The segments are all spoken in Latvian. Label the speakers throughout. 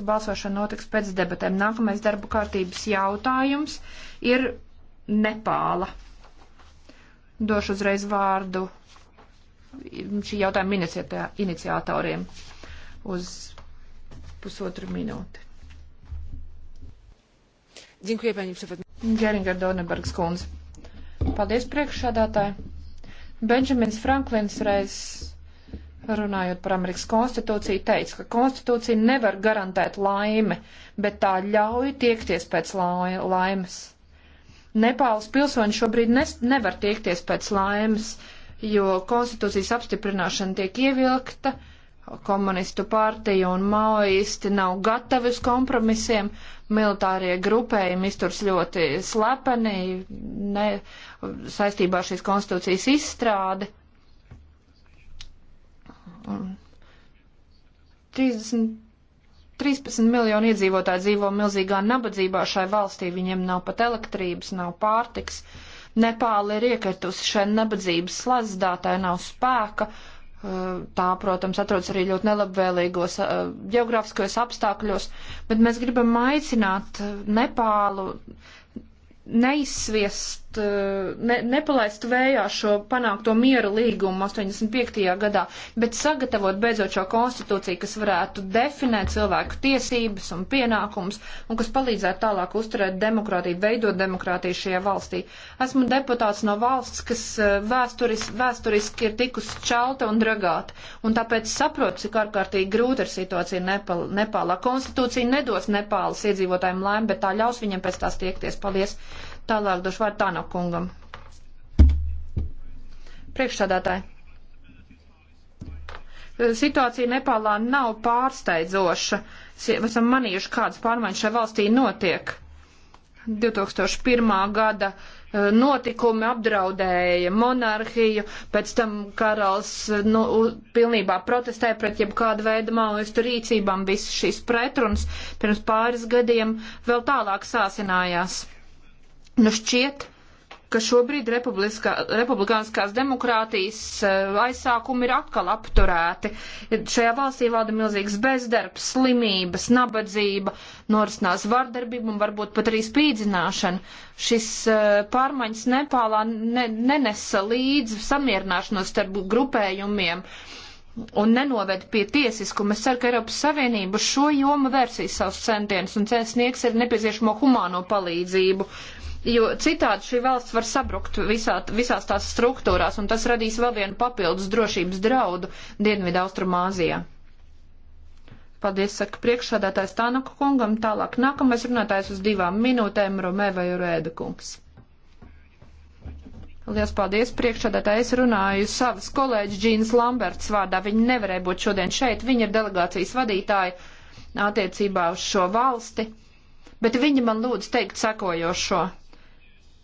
Speaker 1: ka balsošana notiks pēc debatēm. Nākamais darba kārtības jautājums ir Nepāla. Došu uzreiz vārdu šī jautājuma iniciatoriem uz pusotru minūti. Dziękuję Pani Przewodnicząca. Geringer Donebergs kundze. Paldies priekšsādātāji. Benjamins Franklins reiz runājot par Amerikas konstitūciju, teica, ka konstitūcija nevar garantēt laimi, bet tā ļauj tiekties pēc laimes. Nepāles pilsoņi šobrīd nes, nevar tiekties pēc laimes, jo konstitūcijas apstiprināšana tiek ievilkta, komunistu partija un maoisti nav gatavi uz kompromisiem, militārie grupējumi izturs ļoti slepeni ne, saistībā ar šīs konstitūcijas izstrādi Un 30, 13 miljoni iedzīvotāji dzīvo milzīgā nabadzībā šai valstī, viņiem nav pat elektrības, nav pārtiks. Nepāli ir iekartusi šai nabadzības slazdā, tai nav spēka. Uh, tā, protams, atrodas arī ļoti nelabvēlīgos uh, geogrāfiskos apstākļos, bet mēs gribam aicināt uh, Nepālu neizsviest Eh, ne, nepalaist vējā šo panākto miera līgumu 85. gadā, bet sagatavot beidzot šo konstitūciju, kas varētu definēt cilvēku tiesības un pienākums un kas palīdzētu tālāk uzturēt demokrātiju, veidot demokrātiju šajā valstī. Esmu deputāts no valsts, kas eh, vēsturis, vēsturiski ir tikusi čalta un dragāta, un tāpēc saprotu, cik ārkārtīgi grūta ir situācija Nepal, Nepālā. Konstitūcija nedos Nepālas iedzīvotājiem lēmu, bet tā ļaus viņiem pēc tās tiekties. Paldies! Tālāk došu vārdu Tāno kungam. Priekšsādātāji. Situācija Nepālā nav pārsteidzoša. Esam manījuši, kādas pārmaiņas šajā valstī notiek. 2001. gada eh, notikumi apdraudēja monarhiju, pēc tam karalis eh, nu, pilnībā protestēja pret jebkādu veidu maoistu rīcībām, visas šīs pretrunas pirms pāris gadiem vēl tālāk sāsinājās. Nu šķiet, ka šobrīd republikāniskās demokrātijas eh, aizsākumi ir atkal apturēti. Šajā valstī valda milzīgs bezdarbs, slimības, nabadzība, norisinās vardarbība un varbūt pat arī spīdzināšana. Šis eh, pārmaiņas Nepālā ne, nenesa līdzi samierināšanos starp grupējumiem. Un nenoved pie tiesiskuma. Es ceru, ka Eiropas Savienība šo jomu vērsīs savus centienus un sniegs ir nepieciešamo humāno palīdzību jo citādi šī valsts var sabrukt visā, visās tās struktūrās, un tas radīs vēl vienu papildus drošības draudu Dienvidu Austrumāzijā. Paldies, saka priekšsādātājs Tānaku kungam, tālāk nākamais runātājs uz divām minūtēm Romēva Jurēda kungs. Lielas paldies priekšsādātāji. Es runāju savas kolēģis Džīnas Lamberts vārdā. Viņa nevarēja būt šodien šeit. Viņa ir delegācijas vadītāja attiecībā uz šo valsti. Bet viņa man lūdz teikt sekojošo.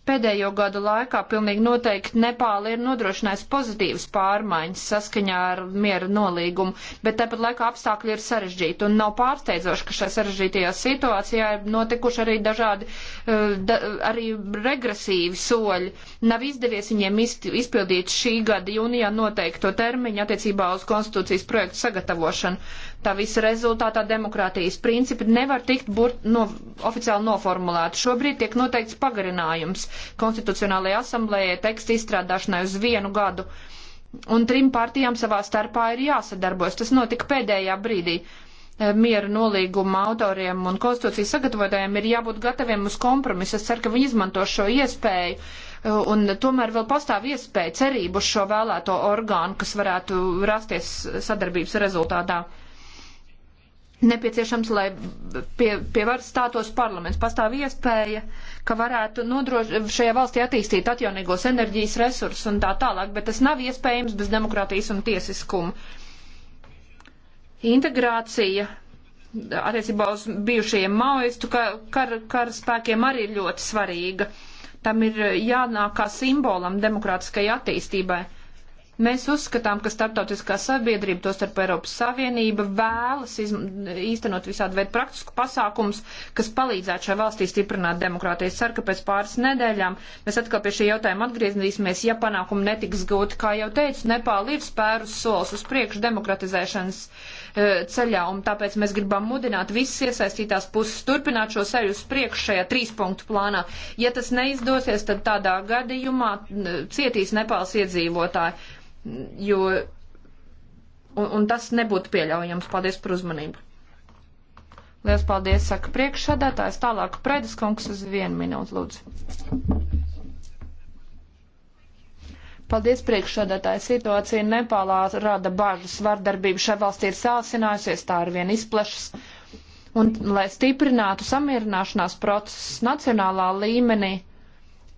Speaker 1: Pēdējo gadu laikā pilnīgi noteikti Nepāla ir nodrošinājusi pozitīvas pārmaiņas saskaņā ar miera nolīgumu, bet tāpat laikā apstākļi ir sarežģīti un nav pārsteidzoši, ka šajā sarežģītajā situācijā ir notikuši arī dažādi eh, da, arī regresīvi soļi. Nav izdevies viņiem izpildīt šī gada jūnijā noteikto termiņu attiecībā uz konstitūcijas projektu sagatavošanu. Tā visa rezultātā demokrātijas principi nevar tikt burt, no, oficiāli noformulēti. Šobrīd tiek noteikts pagarinājums Konstitucionālajai asamblējai teksta izstrādāšanai uz vienu gadu. Un trim partijām savā starpā ir jāsadarbojas. Tas notika pēdējā brīdī eh, miera nolīguma autoriem un konstitūcijas sagatavotājiem ir jābūt gataviem uz kompromisu. Es ceru, ka viņi izmanto šo iespēju eh, un tomēr vēl pastāv iespēja cerību uz šo vēlēto orgānu, kas varētu rasties sadarbības rezultātā nepieciešams, lai pie, pie varas stātos parlaments. Pastāv iespēja, ka varētu nodroš, šajā valstī attīstīt atjaunīgos enerģijas resursus un tā tālāk, bet tas nav iespējams bez demokrātijas un tiesiskuma. Integrācija attiecībā uz bijušajiem maoistu kar, kar, kar spēkiem arī ir ļoti svarīga. Tam ir jānāk kā simbolam demokrātiskai attīstībai. Mēs uzskatām, ka starptautiskā sabiedrība, tostarp Eiropas Savienība, vēlas īstenot visādi veidu praktisku pasākumus, kas palīdzētu šai valstī stiprināt demokrātiju. Es ceru, ka pēc pāris nedēļām mēs atkal pie šī jautājuma atgriezīsimies, ja panākumi netiks gūti. Kā jau teicu, Nepāli ir spērus solis uz priekšu demokratizēšanas e, ceļā, un tāpēc mēs gribam mudināt visas iesaistītās puses turpināt šo ceļu uz priekšu šajā trīspunktu plānā. Ja tas neizdosies, tad tādā gadījumā cietīs Nepāls iedzīvotāji jo un, un tas nebūtu pieļaujams. Paldies par uzmanību. Lielas paldies, saka priekšsādātājs. Tālāk Predes kungs uz vienu minūtu, lūdzu. Paldies priekšsādātāja situācija Nepālā rada bažas. Vardarbība šai valstī ir sāsinājusies, tā ar vien izplešas. Un, lai stiprinātu samierināšanās procesus nacionālā līmenī,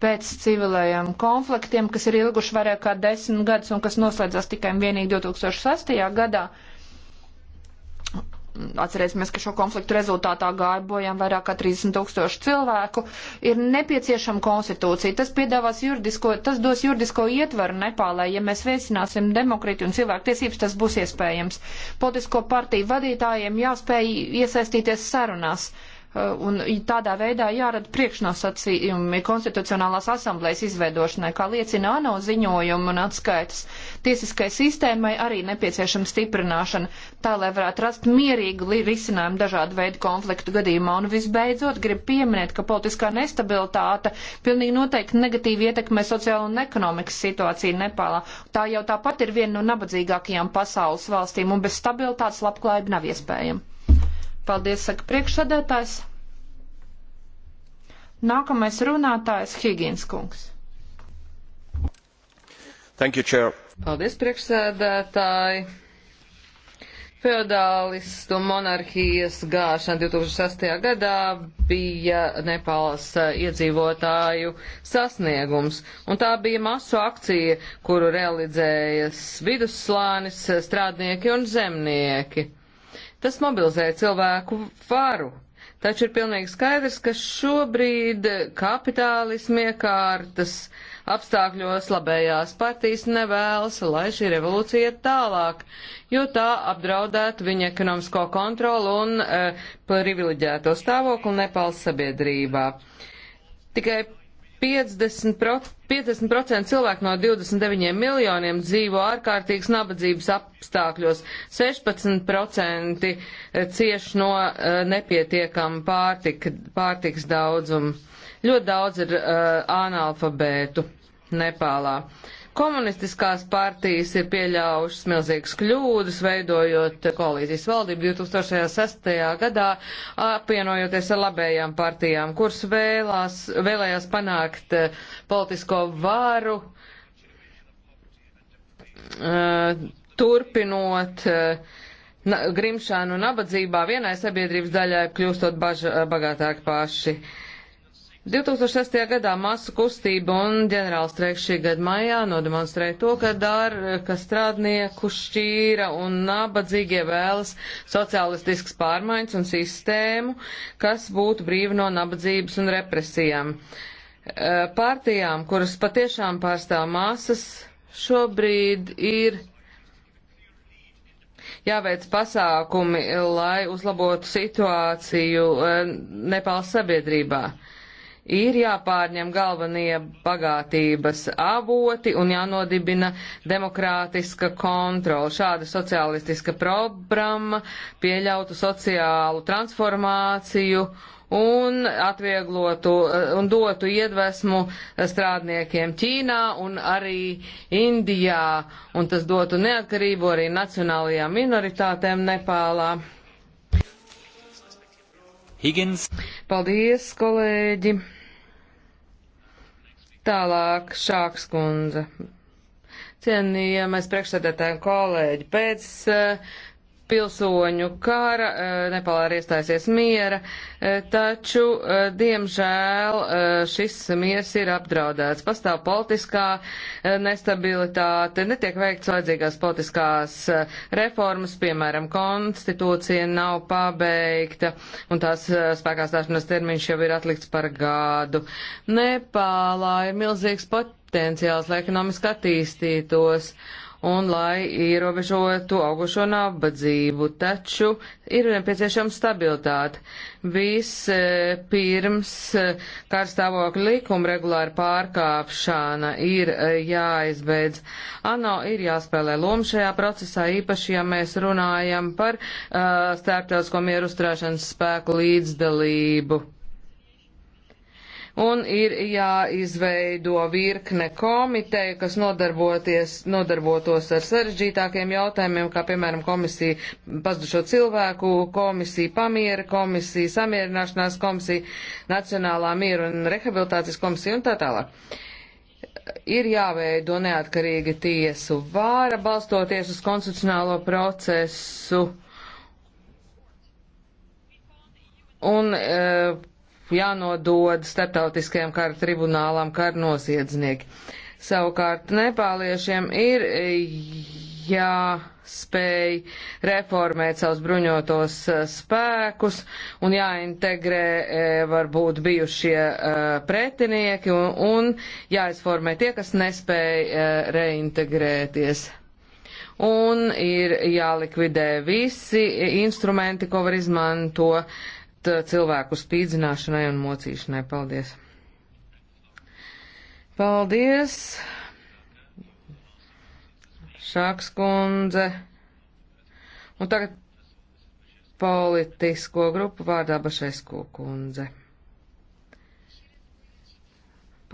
Speaker 1: pēc civilajiem konfliktiem, kas ir ilguši vairāk kā desmit gadus un kas noslēdzās tikai un vienīgi 2006. gadā. Atcerēsimies, ka šo konfliktu rezultātā gāja bojām vairāk kā 30 tūkstoši cilvēku. Ir nepieciešama konstitūcija. Tas piedāvās juridisko, tas dos juridisko ietvaru Nepālē. Ja mēs veicināsim demokrīti un cilvēktiesības, tas būs iespējams. Politisko partiju vadītājiem jāspēj iesaistīties sarunās. Uh, Eh, un tādā veidā jārada priekšnosacījumi konstitucionālās asamblējas izveidošanai, kā liecina ANO ziņojumu un atskaitas. Tiesiskai sistēmai arī nepieciešama stiprināšana, tā lai varētu rast mierīgu risinājumu dažādu veidu konfliktu gadījumā. Un visbeidzot, gribu pieminēt, ka politiskā nestabilitāte pilnīgi noteikti negatīvi ietekmē sociālo un ekonomikas situāciju Nepālā. Tā jau tāpat ir viena no nabadzīgākajām pasaules valstīm, un bez stabilitātes labklājība nav iespējama. Paldies, saka priekšsēdētājs. Nākamais runātājs Higīns kungs. Thank you, Chair. Paldies, priekšsēdētāji.
Speaker 2: Feodālistu monarhijas gāšana 2006. gadā bija Nepālas eh, iedzīvotāju sasniegums, un tā bija masu akcija, kuru realizējas vidusslānis, eh, strādnieki un zemnieki. Tas mobilizē cilvēku varu. Taču ir pilnīgi skaidrs, ka šobrīd kapitālismu iekārtas apstākļos labējās partijas nevēlas, lai šī revolūcija iet tālāk, jo tā apdraudētu viņa ekonomisko kontrolu un e, privileģēto stāvokli Nepāls sabiedrībā. Tikai 50%, pro, 50 cilvēku no 29 miljoniem dzīvo ārkārtīgas nabadzības apstākļos, 16% eh, cieš no uh, nepietiekama pārtika, pārtikas daudzuma. Ļoti daudz ir uh, analfabētu Nepālā. Uh, Komunistiskās partijas ir pieļaujušas milzīgas kļūdas, veidojot koalīzijas valdību 2006. gadā, apvienojoties ar labējām partijām, kuras vēlās, vēlējās panākt eh, politisko varu, eh, turpinot eh, grimšanu nabadzībā vienai sabiedrības daļai, kļūstot baž, bagātāki paši. 2006. gadā masu kustība un ģenerāls streiks šī gada maijā nodemonstrēja to, ka dar, ka strādnieku šķīra un nabadzīgie vēlas sociālistisks pārmaiņas un sistēmu, kas būtu brīva no nabadzības un represijām. Eh, partijām, kuras patiešām pārstāv masas, šobrīd ir jāveic pasākumi, lai uzlabotu situāciju eh, Nepāls sabiedrībā. Uh, ir jāpārņem galvenie bagātības avoti un jānodibina demokrātiska kontrola. Šāda socialistiska programma pieļautu sociālu transformāciju un atvieglotu un dotu iedvesmu strādniekiem Ķīnā un arī Indijā, un tas dotu neatkarību arī nacionālajām minoritātēm Nepālā. Higgins. Paldies, kolēģi! Tālāk Šāks kundze. Cienījamais priekšsēdētāji kolēģi, pēc uh, pilsoņu kara, eh, Nepālā ir iestājusies miera, eh, taču, eh, diemžēl, šis miers ir apdraudēts. Pastāv politiskā nestabilitāte, netiek veikts vajadzīgās politiskās reformas, piemēram, konstitūcija nav pabeigta, un tās spēkā stāšanās termiņš jau ir atlikts par gadu. Nepālā ir milzīgs potenciāls, lai ekonomiski attīstītos. Uh, un lai ierobežotu augušo nabadzību, taču ir nepieciešama stabilitāte. Vispirms e, e, karstāvokļa likuma regulāra pārkāpšana ir e, jāizbeidz. ANO ir jāspēlē loma šajā procesā, īpaši, ja mēs runājam par uh, starptautisko mieru uzturēšanas spēku līdzdalību un ir jāizveido virkne komiteju, kas nodarbotos ar sarežģītākiem jautājumiem, kā piemēram komisija pazudušo cilvēku komisija, pamiera komisija, samierināšanās komisija, Nacionālā miera un rehabilitācijas komisija un tā tālāk. Ir jāveido neatkarīga tiesu vāra, balstoties uz konstitucionālo procesu. Un, uh, e, jānodod starptautiskajam kara tribunālam kara noziedznieki. Savukārt nepāliešiem ir jāspēj reformēt savus bruņotos e, spēkus un jāintegrē e, varbūt bijušie e, pretinieki un, un jāizformē tie, kas nespēja reintegrēties un ir jālikvidē visi instrumenti, ko var izmantot Uh, cilvēku spīdzināšanai un mocīšanai. Paldies! Paldies! Šāks kundze. Un tagad politisko grupu vārdā Bašesko kundze.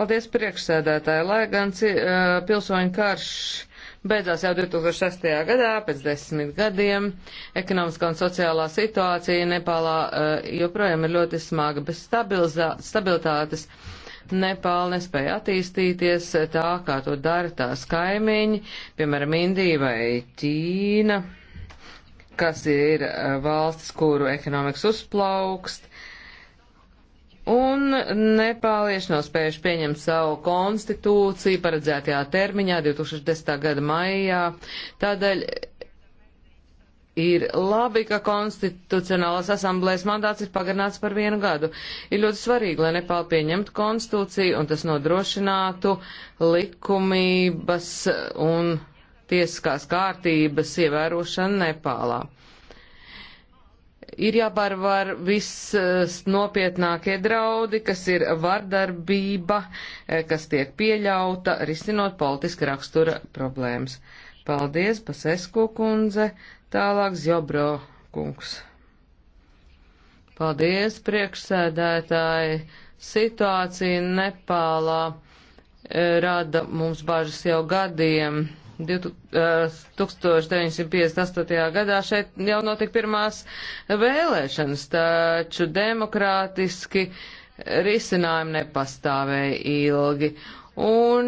Speaker 2: Paldies priekšsēdētāji, lai gan uh, pilsoņu karš beidzās jau 2006. gadā, pēc desmit gadiem. Ekonomiskā un sociālā situācija Nepālā eh, joprojām ir ļoti smaga, bez stabilitātes. Nepāla nespēja attīstīties eh, tā, kā to dara tās kaimiņi, piemēram, Indija vai Ķīna, kas ir eh, valstis, kuru ekonomikas uzplaukst, un Nepālieši nav spējuši pieņemt savu konstitūciju paredzētajā termiņā 2010. gada maijā. Tādēļ ir labi, ka konstitucionālās asamblēs mandāts ir pagarināts par vienu gadu. Ir ļoti svarīgi, lai Nepāla pieņemtu konstitūciju un tas nodrošinātu likumības un tiesiskās kārtības ievērošanu Nepālā ir jāpārvar visnopietnākie eh, draudi, kas ir vardarbība, eh, kas tiek pieļauta, risinot politiska rakstura problēmas. Paldies, Pasesku kundze, tālāk Zjobro kungs. Paldies, priekšsēdētāji. Situācija Nepālā eh, rada mums bažas jau gadiem 1958. Eh, gadā šeit jau notika pirmās vēlēšanas, taču demokrātiski risinājumi nepastāvēja ilgi. Un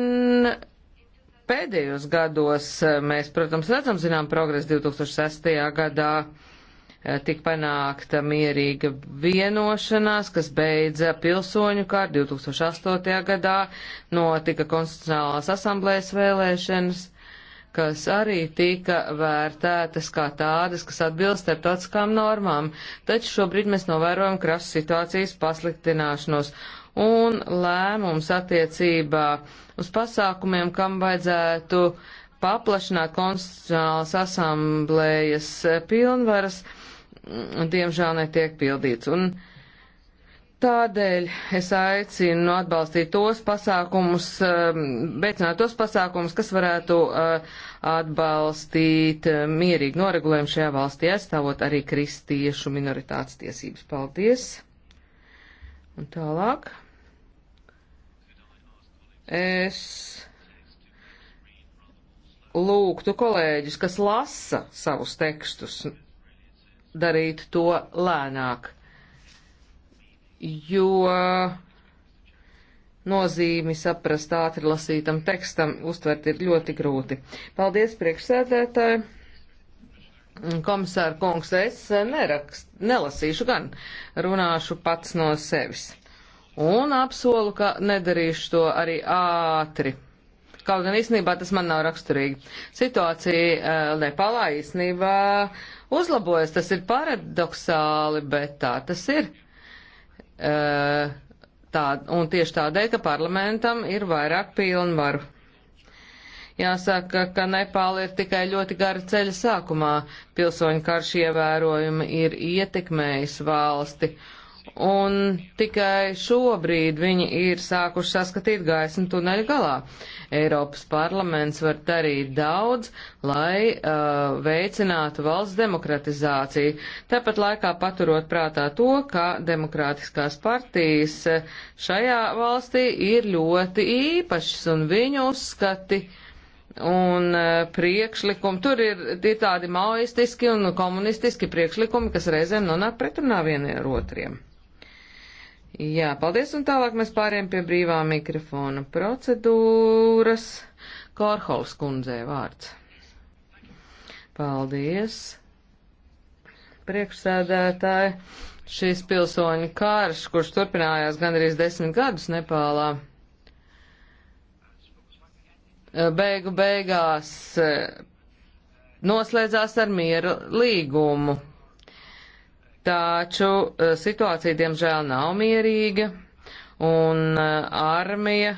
Speaker 2: pēdējos gados mēs, protams, redzam, zinām, progresu 2006. gadā eh, tika panākta mierīga vienošanās, kas beidza pilsoņu kār 2008. gadā, notika konstitucionālās asamblējas vēlēšanas kas arī tika vērtētas kā tādas, kas atbilst starptautiskām normām, taču šobrīd mēs novērojam krasas situācijas pasliktināšanos un lēmums attiecībā uz pasākumiem, kam vajadzētu paplašināt konstitucionālas asamblējas pilnvaras, diemžēl netiek pildīts. Un, uh, Tādēļ es aicinu atbalstīt tos pasākumus, um, veicināt tos pasākumus, kas varētu uh, atbalstīt uh, mierīgu noregulējumu šajā valstī, aizstāvot arī kristiešu minoritātes tiesības. Paldies! Un tālāk. Es lūgtu kolēģis, kas lasa savus tekstus, darīt to lēnāk jo nozīmi saprast ātri lasītam tekstam uztvert ir ļoti grūti. Paldies priekšsēdētāji. Komisāra kungs, es nerakst, nelasīšu gan, runāšu pats no sevis. Un apsolu, ka nedarīšu to arī ātri. Kaut gan īstenībā tas man nav raksturīgi. Situācija eh, Nepālā īstenībā uzlabojas, tas ir paradoxāli, bet tā tas ir. Eh, tā, un tieši tādēļ, ka parlamentam ir vairāk pilnvaru. Jāsaka, ka Nepāla ir tikai ļoti gara ceļa sākumā. Pilsoņu karš ievērojumi ir ietekmējis valsti. Uh, un tikai šobrīd viņi ir sākuši saskatīt gaismu tuneļa galā. Eiropas parlaments var darīt daudz, lai uh, veicinātu valsts demokratizāciju, tāpat laikā paturot prātā to, ka demokrātiskās partijas uh, šajā valstī ir ļoti īpašas un viņu uzskati un uh, priekšlikumi. Tur ir, ir tādi maoistiski un komunistiski priekšlikumi, kas reizēm nonāk pretrunā vieniem ar otriem. Jā, paldies, un tālāk mēs pāriem pie brīvā mikrofona procedūras. Kārhols kundzē vārds. Paldies, priekšsēdētāji. Šīs pilsoņu kārš, kurš turpinājās gandrīz desmit gadus Nepālā, beigu beigās eh, noslēdzās ar mieru līgumu Taču eh, situācija, diemžēl, nav mierīga, un eh, armija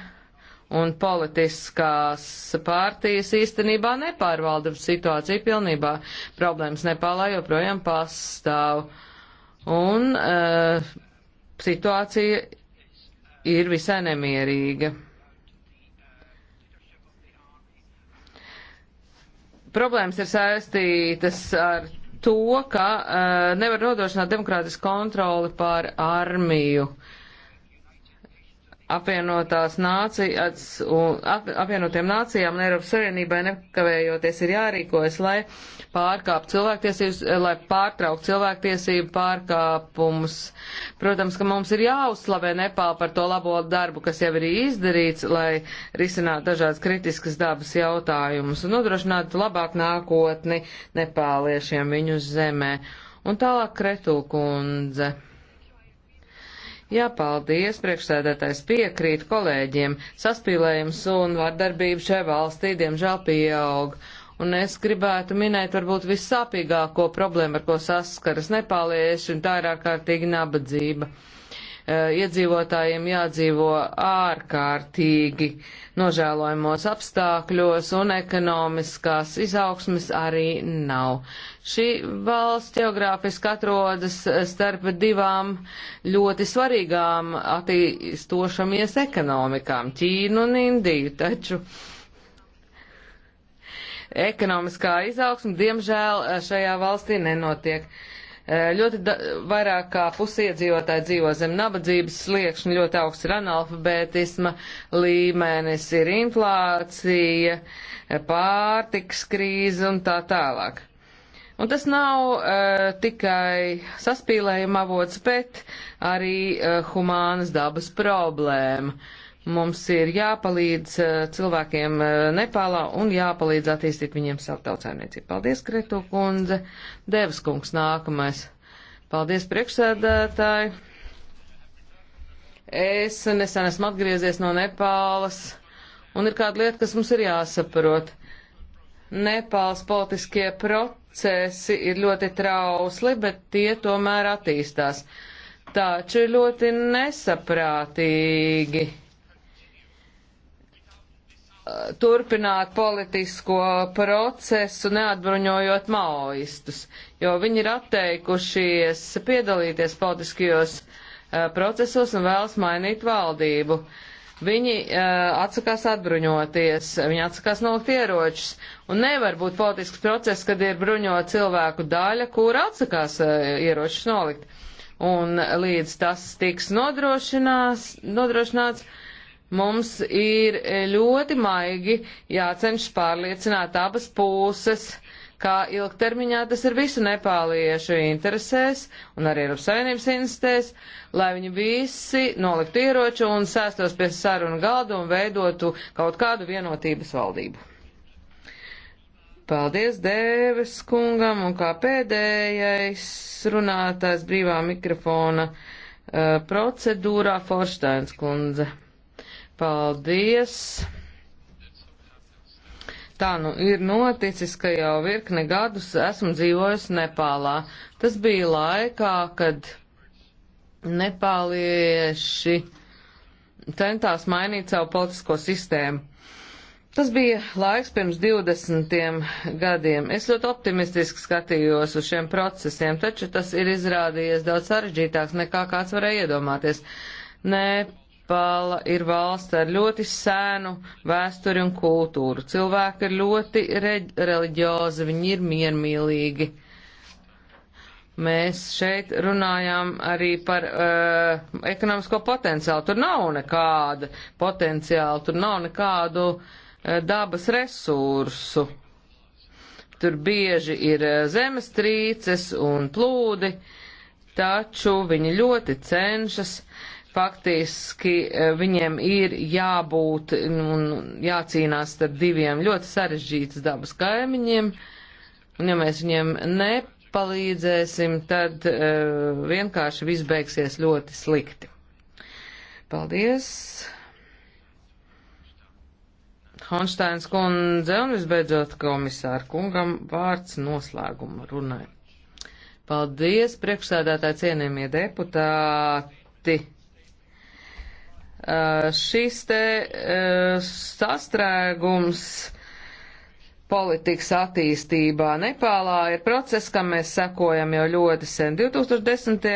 Speaker 2: un politiskās pārtīs īstenībā nepārvalda situāciju pilnībā. Problēmas Nepālā joprojām pastāv, un uh, situācija ir visai nemierīga. Problēmas ir saistītas ar to, ka uh, nevar nodrošināt demokrātisku kontroli pār armiju. Uh, apvienotās nācijas un ap, apvienotiem nācijām un Eiropas Savienībai nekavējoties ir jārīkojas, lai pārkāp cilvēktiesības, lai pārtraukt cilvēktiesību pārkāpumus. Protams, ka mums ir jāuzslavē Nepāla par to labo darbu, kas jau ir izdarīts, lai risinātu dažādas kritiskas dabas jautājumus un nodrošinātu labāku nākotni nepāliešiem viņu zemē. Un tālāk Kretulkundze. Jā, paldies, priekšsēdētājs piekrīt kolēģiem. Saspīlējums un vardarbība šai valstī, diemžēl, pieaug. Un es gribētu minēt varbūt vissāpīgāko problēmu, ar ko saskaras nepālieši, un tā ir ārkārtīgi nabadzība. Uh, Eh, iedzīvotājiem jādzīvo ārkārtīgi nožēlojamos apstākļos un ekonomiskās izaugsmes arī nav. Šī valsts geogrāfiski atrodas starp divām ļoti svarīgām attīstošamies ekonomikām - Ķīnu un Indiju, taču ekonomiskā izaugsme diemžēl eh, šajā valstī nenotiek. Uh, Eh, ļoti da, vairāk kā pusiedzīvotāji dzīvo zem nabadzības sliekšņa, ļoti augsts ir analfabētisma līmenis, ir inflācija, eh, pārtiks krīze un tā tālāk. Un tas nav uh, tikai saspīlējuma avots, bet arī uh, humānas dabas problēma. Uh, Mums ir jāpalīdz eh, cilvēkiem eh, Nepālā un jāpalīdz attīstīt viņiem savu tautsājumniecību. Paldies, Kretu kundze. Devas kungs nākamais. Paldies, priekšsēdētāji. Es nesen esmu atgriezies no Nepālas, un ir kāda lieta, kas mums ir jāsaprot. Nepāls politiskie procesi ir ļoti trausli, bet tie tomēr attīstās. Taču ir ļoti nesaprātīgi turpināt politisko procesu, neatbruņojot maoistus, jo viņi ir atteikušies piedalīties politiskajos uh, procesos un vēlas mainīt valdību. Viņi uh, atsakās atbruņoties, viņi atsakās nolikt ieročus, un nevar būt politisks process, kad ir bruņot cilvēku daļa, kura atsakās uh, ieročus nolikt. Un līdz tas tiks nodrošināts, nodrošināts uh, Mums ir ļoti maigi jācenšas pārliecināt abas puses, kā ilgtermiņā tas ir visu nepāliešu interesēs un arī Eiropas Savienības interesēs, lai viņi visi noliktu ieroču un sēstos pie sarunu galda un veidotu kaut kādu vienotības valdību. Paldies Dēves kungam un kā pēdējais runātājs brīvā mikrofona uh, procedūrā Forštains kundze. Paldies! Tā nu ir noticis, ka jau virkne gadus esmu dzīvojis Nepālā. Tas bija laikā, kad nepālieši centās mainīt savu politisko sistēmu. Tas bija laiks pirms 20 gadiem. Es ļoti optimistiski skatījos uz šiem procesiem, taču tas ir izrādījies daudz sarežģītāks nekā kāds varēja iedomāties. Nepālieši Nepāla ir valsts ar ļoti sēnu vēsturi un kultūru. Cilvēki ir ļoti reliģiozi, viņi ir miermīlīgi. Mēs šeit runājām arī par uh, ekonomisko potenciālu. Tur nav nekāda potenciāla, tur nav nekādu uh, dabas resursu. Tur bieži ir uh, zemestrīces un plūdi, taču viņi ļoti cenšas faktiski e, viņiem ir jābūt un jācīnās starp diviem ļoti sarežģītas dabas kaimiņiem, un ja mēs viņiem nepalīdzēsim, tad uh, vienkārši viss beigsies ļoti slikti. Paldies! Honšteins kundze un visbeidzot komisāra kungam vārds noslēguma runai. Paldies, priekšsēdētāji cienījamie deputāti! Eh, šis te eh, sastrēgums politikas attīstībā Nepālā ir process, kam mēs sekojam jau ļoti sen. 2010.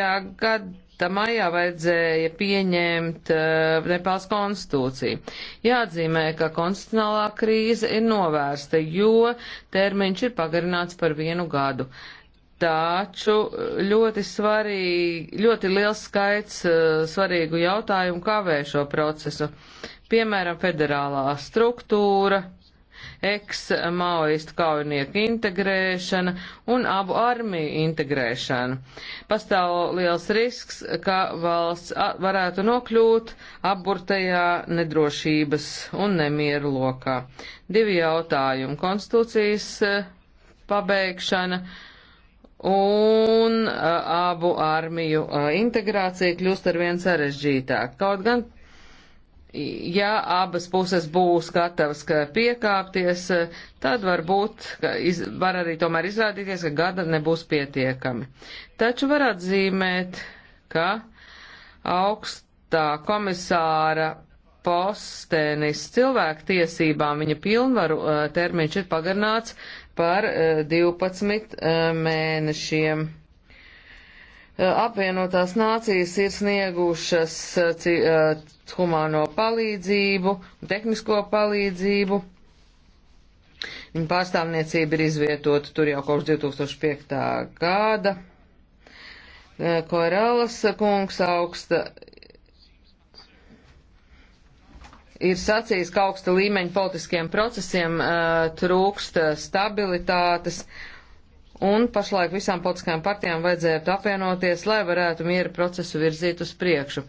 Speaker 2: gada maijā vajadzēja pieņemt eh, Nepāls konstitūciju. Jāatzīmē, ka konstitucionālā krīze ir novērsta, jo termiņš ir pagarināts par vienu gadu. Uh, Taču eh, ļoti svarīgi, ļoti liels skaits eh, svarīgu jautājumu kavē šo procesu. Piemēram, federālā struktūra, eks-maoistu kaujinieku integrēšana un abu armiju integrēšana. Pastāv liels risks, ka valsts varētu nokļūt apburtajā nedrošības un nemieru lokā. Divi jautājumi - konstitūcijas eh, pabeigšana un uh, abu armiju uh, integrācija kļūst arvien sarežģītāk. Kaut gan, ja abas puses būs gatavas ka piekāpties, uh, tad varbūt iz, var arī tomēr izrādīties, ka gada nebūs pietiekami. Taču var atzīmēt, ka augstā komisāra postenis cilvēktiesībām viņa pilnvaru uh, termiņš ir pagarnāts par 12 eh, eh, mēnešiem. Eh, apvienotās nācijas ir sniegušas humāno palīdzību, tehnisko palīdzību. Viņa pārstāvniecība ir izvietota tur jau kopš 2005. gada. Koralas kungs augsta ir sacījis, ka augsta līmeņa politiskiem procesiem uh, trūkst stabilitātes, un pašlaik visām politiskajām partijām vajadzētu apvienoties, lai varētu miera procesu virzīt uz priekšu.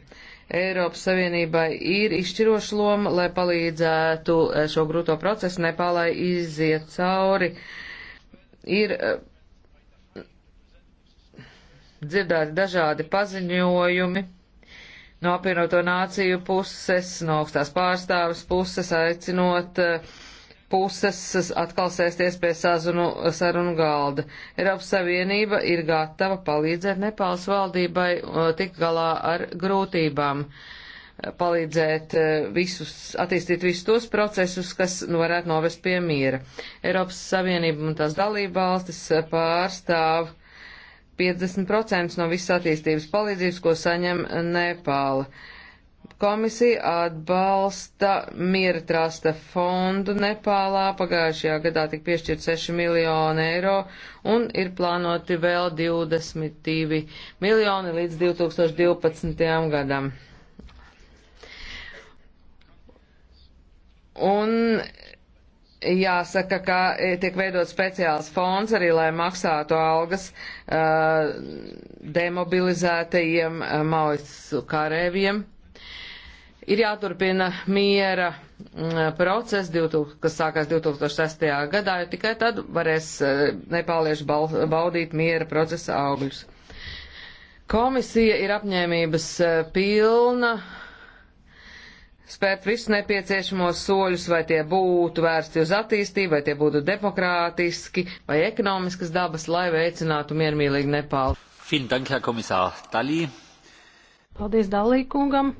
Speaker 2: Eiropas Savienībai ir izšķiroša loma, lai palīdzētu uh, šo grūto procesu Nepālai iziet cauri. Ir uh, dzirdēti dažādi paziņojumi no apvienoto nāciju puses, no augstās pārstāvis puses, aicinot eh, puses atkal sēsties pie sazunu, sarunu galda. Eiropas Savienība ir gatava palīdzēt Nepāles valdībai eh, tik galā ar grūtībām eh, palīdzēt visus, attīstīt visus tos procesus, kas nu, varētu novest pie miera. Eiropas Savienība un tās dalība valstis pārstāv uh, 50% no visas attīstības palīdzības, ko saņem Nepāla. Komisija atbalsta Miera trasta fondu Nepālā. Pagājušajā gadā tika piešķirt 6 miljoni eiro un ir plānoti vēl 22 miljoni līdz 2012. gadam. jāsaka, ka e, tiek veidot speciāls fonds arī, lai maksātu algas uh, demobilizētajiem uh, e, mauicu karēviem. Ir jāturpina miera uh, process, 2000, kas sākās 2006. gadā, jo tikai tad varēs nepālieši baudīt miera procesa augļus. Komisija ir apņēmības pilna spērt visus nepieciešamos soļus, vai tie būtu vērsti uz attīstību, vai tie būtu demokrātiski vai ekonomiskas dabas, lai veicinātu miermīlīgu Nepālu. Paldies Dalī kungam.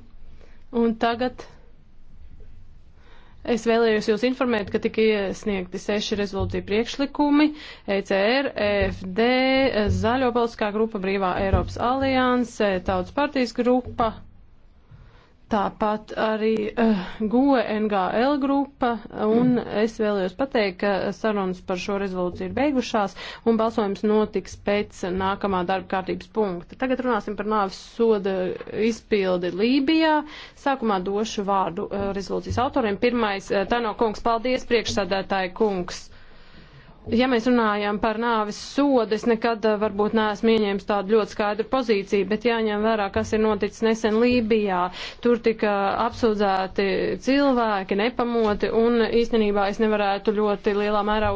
Speaker 2: Un tagad
Speaker 3: es vēlējos jūs informēt, ka tika iesniegti seši rezolūcija priekšlikumi e - ECR, EFD, Zaļo Balskā grupa, Brīvā Eiropas alianse, Tautas partijas grupa. Tāpat arī uh, eh, GOE NGL grupa, un es vēlējos pateikt, ka sarunas par šo rezolūciju ir beigušās, un balsojums notiks pēc nākamā darba kārtības punkta. Tagad runāsim par nāvis soda izpildi Lībijā. Sākumā došu vārdu uh, rezolūcijas autoriem. Pirmais, uh, Tano kungs, paldies, priekšsādātāji kungs ja mēs runājam par nāvis sodu, es nekad eh, varbūt neesmu ieņēmis tādu ļoti skaidru pozīciju, bet jāņem vērā, kas ir noticis nesen Lībijā. Tur tika apsūdzēti cilvēki nepamoti, un īstenībā es nevarētu ļoti lielā mērā